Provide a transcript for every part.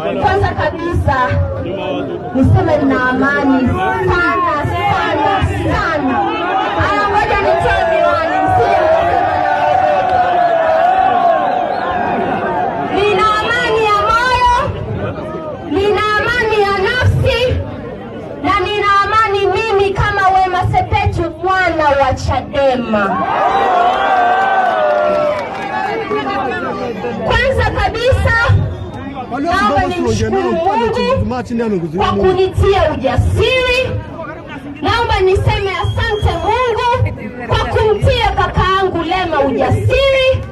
Kwanza kabisa niseme nina amani sana sana sana. Aya, ngoja nitoe miwani, nina amani ya moyo, nina amani ya nafsi na nina amani mimi kama Wema Sepetu mwana wa Chadema. Naomba nimshukuru Mungu kwa kunitia ujasiri. Naomba niseme asante Mungu kwa kumtia kakaangu Lema ujasiri.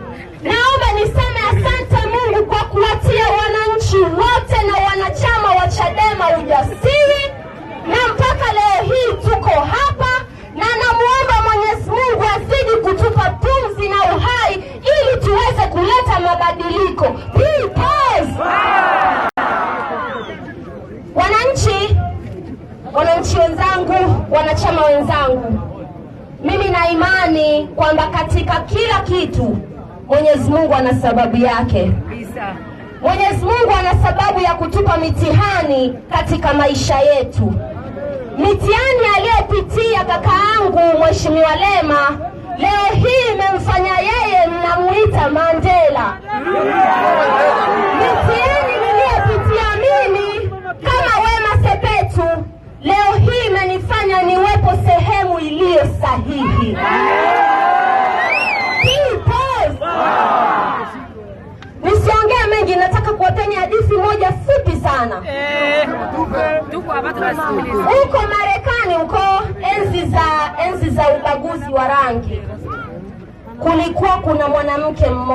Naomba niseme asante Mungu kwa kuwatia wananchi wote na wanachama wa Chadema ujasiri, na mpaka leo hii tuko hapa, na namwomba Mwenyezi Mungu azidi kutupa pumzi na uhai ili tuweze kuleta mabadiliko. Wananchi, wananchi wenzangu, wanachama wenzangu, mimi na imani kwamba katika kila kitu Mwenyezi Mungu ana sababu yake. Mwenyezi Mungu ana sababu ya kutupa mitihani katika maisha yetu. Mitihani aliyopitia kaka yangu Mheshimiwa Lema leo hii imemfanya yeye mnamuita Mandela. sahihi. Nisiongea mengi, nataka kuwapeni hadithi moja fupi sana. Huko Marekani huko, enzi za enzi za ubaguzi wa rangi, kulikuwa kuna mwanamke mmoja